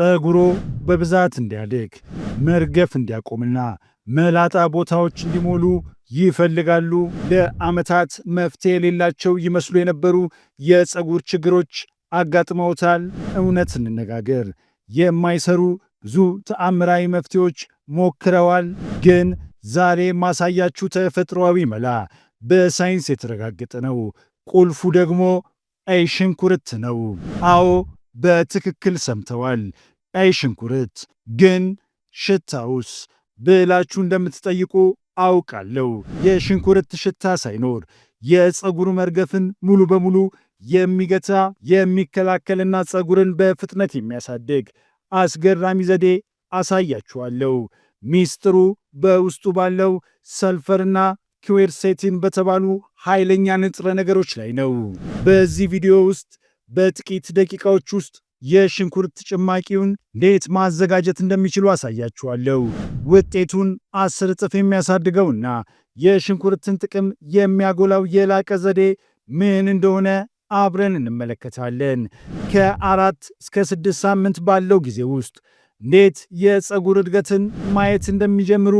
ጸጉሮ በብዛት እንዲያድግ መርገፍ እንዲያቆምና መላጣ ቦታዎች እንዲሞሉ ይፈልጋሉ። ለዓመታት መፍትሄ የሌላቸው ይመስሉ የነበሩ የፀጉር ችግሮች አጋጥመውታል። እውነት እንነጋገር፣ የማይሰሩ ብዙ ተአምራዊ መፍትሄዎች ሞክረዋል። ግን ዛሬ ማሳያችሁ ተፈጥሯዊ መላ በሳይንስ የተረጋገጠ ነው። ቁልፉ ደግሞ ቀይ ሽንኩርት ነው። አዎ በትክክል ሰምተዋል። ቀይ ሽንኩርት ግን ሽታውስ ብላችሁ እንደምትጠይቁ አውቃለሁ። የሽንኩርት ሽታ ሳይኖር የፀጉር መርገፍን ሙሉ በሙሉ የሚገታ የሚከላከልና ፀጉርን በፍጥነት የሚያሳድግ አስገራሚ ዘዴ አሳያችኋለሁ። ሚስጥሩ በውስጡ ባለው ሰልፈርና ኪዌርሴቲን በተባሉ ኃይለኛ ንጥረ ነገሮች ላይ ነው። በዚህ ቪዲዮ ውስጥ በጥቂት ደቂቃዎች ውስጥ የሽንኩርት ጭማቂውን እንዴት ማዘጋጀት እንደሚችሉ አሳያችኋለሁ። ውጤቱን አስር እጥፍ የሚያሳድገውና የሽንኩርትን ጥቅም የሚያጎላው የላቀ ዘዴ ምን እንደሆነ አብረን እንመለከታለን። ከአራት እስከ ስድስት ሳምንት ባለው ጊዜ ውስጥ እንዴት የፀጉር እድገትን ማየት እንደሚጀምሩ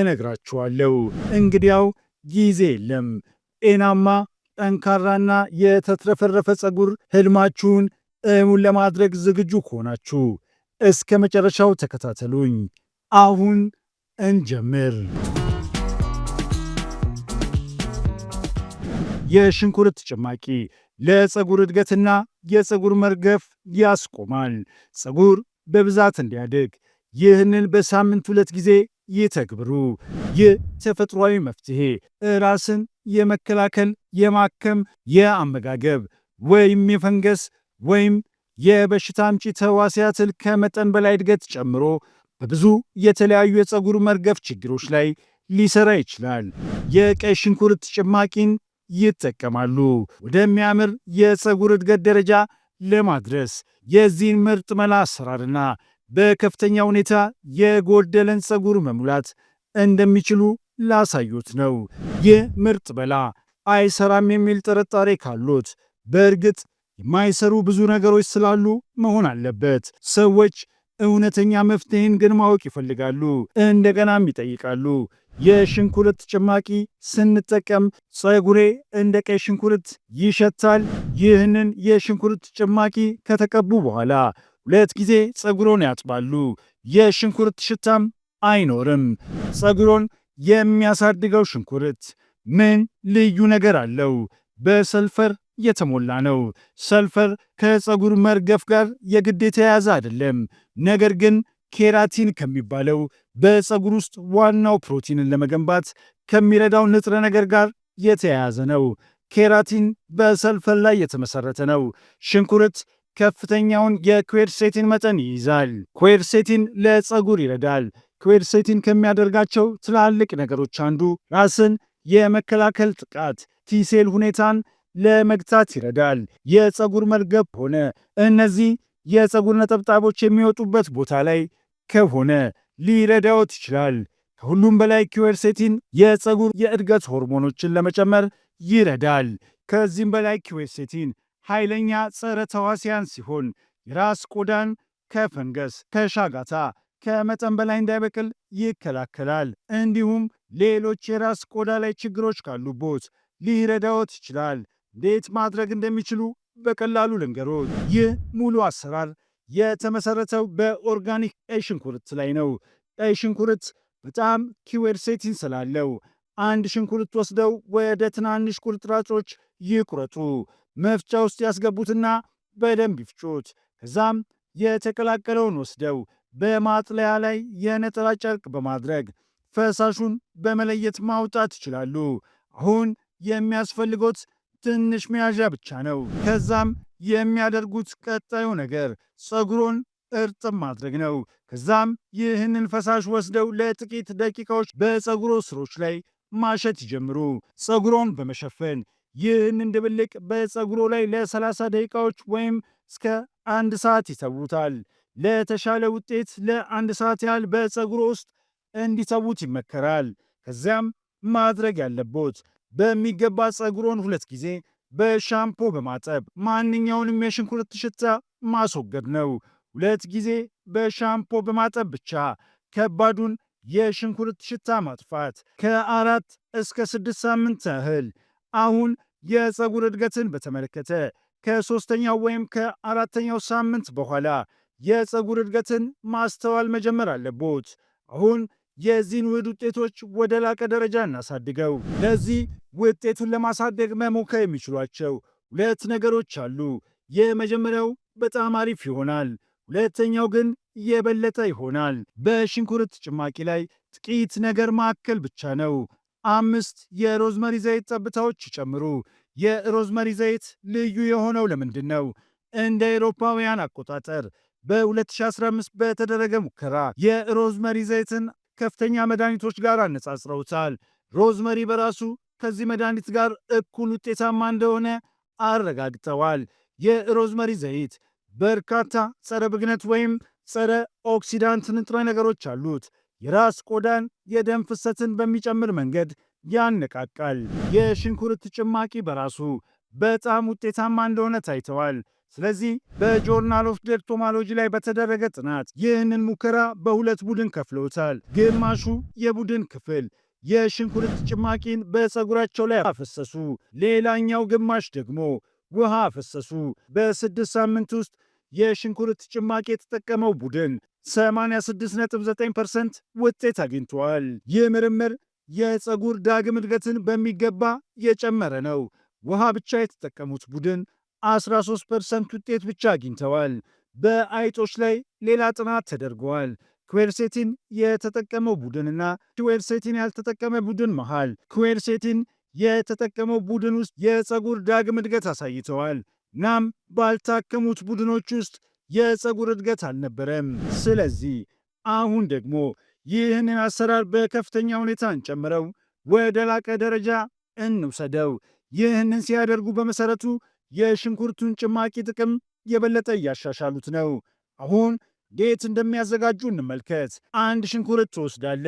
እነግራችኋለሁ። እንግዲያው ጊዜ የለም፣ ጤናማ ጠንካራና የተትረፈረፈ ጸጉር ህልማችሁን እሙን ለማድረግ ዝግጁ ከሆናችሁ እስከ መጨረሻው ተከታተሉኝ። አሁን እንጀምር። የሽንኩርት ጭማቂ ለጸጉር እድገትና የጸጉር መርገፍ ያስቆማል። ጸጉር በብዛት እንዲያድግ ይህንን በሳምንት ሁለት ጊዜ ይተግብሩ። ይህ ተፈጥሯዊ መፍትሄ ራስን የመከላከል፣ የማከም፣ የአመጋገብ ወይም የፈንገስ ወይም የበሽታ አምጪ ተህዋሲያትን ከመጠን በላይ እድገት ጨምሮ በብዙ የተለያዩ የፀጉር መርገፍ ችግሮች ላይ ሊሰራ ይችላል። የቀይ ሽንኩርት ጭማቂን ይጠቀማሉ ወደሚያምር የፀጉር እድገት ደረጃ ለማድረስ። የዚህን ምርጥ መላ አሰራርና በከፍተኛ ሁኔታ የጎደለን ፀጉር መሙላት እንደሚችሉ ላሳዩት ነው። ይህ ምርጥ በላ አይሰራም የሚል ጥርጣሬ ካሉት በእርግጥ የማይሰሩ ብዙ ነገሮች ስላሉ መሆን አለበት። ሰዎች እውነተኛ መፍትሄን ግን ማወቅ ይፈልጋሉ፣ እንደገናም ይጠይቃሉ። የሽንኩርት ጭማቂ ስንጠቀም ፀጉሬ እንደ ቀይ ሽንኩርት ይሸታል። ይህንን የሽንኩርት ጭማቂ ከተቀቡ በኋላ ሁለት ጊዜ ፀጉሮን ያጥባሉ። የሽንኩርት ሽታም አይኖርም። ፀጉሮን የሚያሳድገው ሽንኩርት ምን ልዩ ነገር አለው? በሰልፈር የተሞላ ነው። ሰልፈር ከፀጉር መርገፍ ጋር የግድ የተያያዘ አይደለም። ነገር ግን ኬራቲን ከሚባለው በፀጉር ውስጥ ዋናው ፕሮቲንን ለመገንባት ከሚረዳው ንጥረ ነገር ጋር የተያያዘ ነው። ኬራቲን በሰልፈር ላይ የተመሰረተ ነው። ሽንኩርት ከፍተኛውን የኩዌርሴቲን መጠን ይይዛል። ኩዌርሴቲን ለፀጉር ይረዳል። ኩዌት ሴቲን ከሚያደርጋቸው ትላልቅ ነገሮች አንዱ ራስን የመከላከል ጥቃት ቲሴል ሁኔታን ለመግታት ይረዳል። የፀጉር መርገብ ሆነ እነዚህ የፀጉር ነጠብጣቦች የሚወጡበት ቦታ ላይ ከሆነ ሊረዳዎት ይችላል። ከሁሉም በላይ ኩዌርሴቲን የፀጉር የእድገት ሆርሞኖችን ለመጨመር ይረዳል። ከዚህም በላይ ኩዌርሴቲን ኃይለኛ ጸረ ተዋሲያን ሲሆን የራስ ቆዳን ከፈንገስ፣ ከሻጋታ፣ ከመጠን በላይ እንዳይበቅል ይከላከላል። እንዲሁም ሌሎች የራስ ቆዳ ላይ ችግሮች ካሉቦት ሊረዳዎት ይችላል። እንዴት ማድረግ እንደሚችሉ በቀላሉ ልንገሮት። ይህ ሙሉ አሰራር የተመሰረተው በኦርጋኒክ ቀይ ሽንኩርት ላይ ነው። ቀይ ሽንኩርት በጣም ኪዌርሴቲን ስላለው አንድ ሽንኩርት ወስደው ወደ ትናንሽ ቁርጥራጮች ይቁረጡ። መፍጫ ውስጥ ያስገቡትና በደንብ ይፍጩት። ከዛም የተቀላቀለውን ወስደው በማጥለያ ላይ የነጠላ ጨርቅ በማድረግ ፈሳሹን በመለየት ማውጣት ይችላሉ። አሁን የሚያስፈልጎት ትንሽ መያዣ ብቻ ነው። ከዛም የሚያደርጉት ቀጣዩ ነገር ጸጉሮን እርጥብ ማድረግ ነው። ከዛም ይህንን ፈሳሽ ወስደው ለጥቂት ደቂቃዎች በጸጉሮ ስሮች ላይ ማሸት ይጀምሩ፣ ፀጉሮን በመሸፈን ይህንን ድብልቅ በጸጉሮ ላይ ለ30 ደቂቃዎች ወይም እስከ አንድ ሰዓት ይተዉታል። ለተሻለ ውጤት ለአንድ ሰዓት ያህል በፀጉር ውስጥ እንዲተዉት ይመከራል። ከዚያም ማድረግ ያለቦት በሚገባ ፀጉሮን ሁለት ጊዜ በሻምፖ በማጠብ ማንኛውንም የሽንኩርት ሽታ ማስወገድ ነው። ሁለት ጊዜ በሻምፖ በማጠብ ብቻ ከባዱን የሽንኩርት ሽታ ማጥፋት። ከአራት እስከ ስድስት ሳምንት ያህል አሁን የፀጉር እድገትን በተመለከተ ከሶስተኛው ወይም ከአራተኛው ሳምንት በኋላ የፀጉር እድገትን ማስተዋል መጀመር አለቦት። አሁን የዚህን ውህድ ውጤቶች ወደ ላቀ ደረጃ እናሳድገው። ለዚህ ውጤቱን ለማሳደግ መሞከር የሚችሏቸው ሁለት ነገሮች አሉ። የመጀመሪያው በጣም አሪፍ ይሆናል፣ ሁለተኛው ግን የበለጠ ይሆናል። በሽንኩርት ጭማቂ ላይ ጥቂት ነገር ማከል ብቻ ነው። አምስት የሮዝመሪ ዘይት ጠብታዎች ይጨምሩ። የሮዝመሪ ዘይት ልዩ የሆነው ለምንድን ነው? እንደ አውሮፓውያን አቆጣጠር በ2015 በተደረገ ሙከራ የሮዝመሪ ዘይትን ከፍተኛ መድኃኒቶች ጋር አነጻጽረውታል። ሮዝመሪ በራሱ ከዚህ መድኃኒት ጋር እኩል ውጤታማ እንደሆነ አረጋግጠዋል። የሮዝመሪ ዘይት በርካታ ጸረ ብግነት ወይም ጸረ ኦክሲዳንት ንጥረ ነገሮች አሉት። የራስ ቆዳን የደም ፍሰትን በሚጨምር መንገድ ያነቃቃል። የሽንኩርት ጭማቂ በራሱ በጣም ውጤታማ እንደሆነ ታይተዋል። ስለዚህ በጆርናል ኦፍ ጀርቶማሎጂ ላይ በተደረገ ጥናት ይህንን ሙከራ በሁለት ቡድን ከፍለውታል። ግማሹ የቡድን ክፍል የሽንኩርት ጭማቂን በፀጉራቸው ላይ አፈሰሱ፣ ሌላኛው ግማሽ ደግሞ ውሃ አፈሰሱ። በስድስት ሳምንት ውስጥ የሽንኩርት ጭማቂ የተጠቀመው ቡድን 86.9% ውጤት አግኝተዋል። ይህ ምርምር የፀጉር ዳግም እድገትን በሚገባ የጨመረ ነው። ውሃ ብቻ የተጠቀሙት ቡድን 13 ፐርሰንት ውጤት ብቻ አግኝተዋል። በአይጦች ላይ ሌላ ጥናት ተደርገዋል። ኩዌርሴቲን የተጠቀመው ቡድንና ኩዌርሴቲን ያልተጠቀመ ቡድን መሃል ኩዌርሴቲን የተጠቀመው ቡድን ውስጥ የፀጉር ዳግም እድገት አሳይተዋል። ናም ባልታከሙት ቡድኖች ውስጥ የፀጉር እድገት አልነበረም። ስለዚህ አሁን ደግሞ ይህንን አሰራር በከፍተኛ ሁኔታ እንጨምረው፣ ወደ ላቀ ደረጃ እንውሰደው። ይህንን ሲያደርጉ በመሰረቱ የሽንኩርቱን ጭማቂ ጥቅም የበለጠ እያሻሻሉት ነው። አሁን እንዴት እንደሚያዘጋጁ እንመልከት። አንድ ሽንኩርት ትወስዳለ።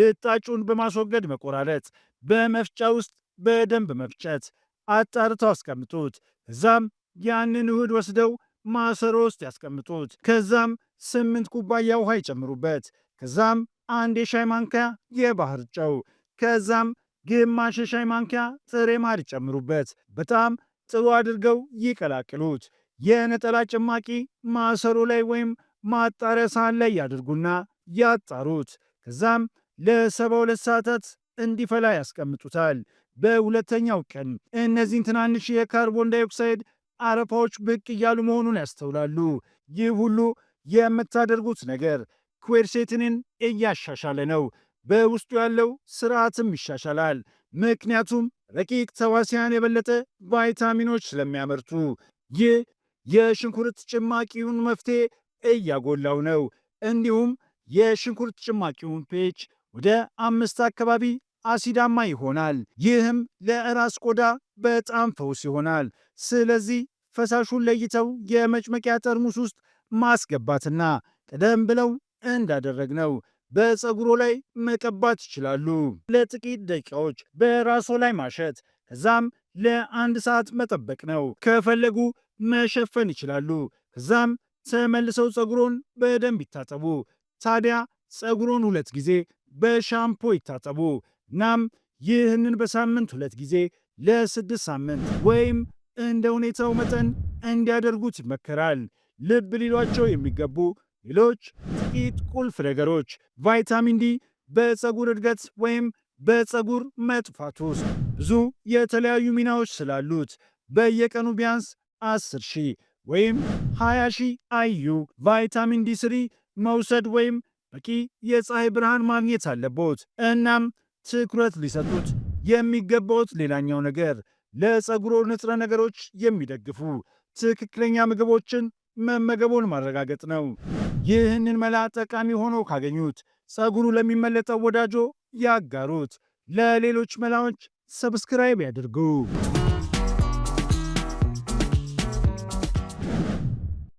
ልጣጩን በማስወገድ መቆራረጥ፣ በመፍጫ ውስጥ በደንብ መፍጨት፣ አጣርተው አስቀምጡት። ከዛም ያንን ውህድ ወስደው ማሰሮ ውስጥ ያስቀምጡት። ከዛም ስምንት ኩባያ ውሃ ይጨምሩበት። ከዛም አንድ የሻይ ማንኪያ የባህር ጨው፣ ከዛም ግማሽ የሻይ ማንኪያ ጥሬ ማር ይጨምሩበት። በጣም ጥሩ አድርገው ይቀላቅሉት። የነጠላ ጭማቂ ማሰሮ ላይ ወይም ማጣሪያ ሳህን ላይ ያድርጉና ያጣሩት። ከዛም ለ72 ሰዓታት እንዲፈላ ያስቀምጡታል። በሁለተኛው ቀን እነዚህን ትናንሽ የካርቦን ዳይኦክሳይድ አረፋዎች ብቅ እያሉ መሆኑን ያስተውላሉ። ይህ ሁሉ የምታደርጉት ነገር ኩዌርሴቲንን እያሻሻለ ነው። በውስጡ ያለው ስርዓትም ይሻሻላል። ምክንያቱም ረቂቅ ተዋሲያን የበለጠ ቫይታሚኖች ስለሚያመርቱ። ይህ የሽንኩርት ጭማቂውን መፍትሄ እያጎላው ነው። እንዲሁም የሽንኩርት ጭማቂውን ፔች ወደ አምስት አካባቢ አሲዳማ ይሆናል። ይህም ለራስ ቆዳ በጣም ፈውስ ይሆናል። ስለዚህ ፈሳሹን ለይተው የመጭመቂያ ጠርሙስ ውስጥ ማስገባትና ቀደም ብለው እንዳደረግ ነው። በፀጉሮ ላይ መቀባት ይችላሉ። ለጥቂት ደቂቃዎች በራሶ ላይ ማሸት ከዛም ለአንድ ሰዓት መጠበቅ ነው። ከፈለጉ መሸፈን ይችላሉ። ከዛም ተመልሰው ፀጉሮን በደንብ ይታጠቡ። ታዲያ ፀጉሮን ሁለት ጊዜ በሻምፖ ይታጠቡ። እናም ይህንን በሳምንት ሁለት ጊዜ ለስድስት ሳምንት ወይም እንደ ሁኔታው መጠን እንዲያደርጉት ይመከራል። ልብ ሊሏቸው የሚገቡ ሌሎች ጥቂት ቁልፍ ነገሮች ቫይታሚን ዲ በፀጉር እድገት ወይም በፀጉር መጥፋት ውስጥ ብዙ የተለያዩ ሚናዎች ስላሉት በየቀኑ ቢያንስ 10 ሺህ ወይም 20 ሺህ አዩ ቫይታሚን ዲ ስሪ መውሰድ ወይም በቂ የፀሐይ ብርሃን ማግኘት አለቦት። እናም ትኩረት ሊሰጡት የሚገባውት ሌላኛው ነገር ለፀጉሮ ንጥረ ነገሮች የሚደግፉ ትክክለኛ ምግቦችን መመገቡን ማረጋገጥ ነው። ይህንን መላ ጠቃሚ ሆኖ ካገኙት ጸጉሩ ለሚመለጠው ወዳጆ ያጋሩት። ለሌሎች መላዎች ሰብስክራይብ ያድርጉ።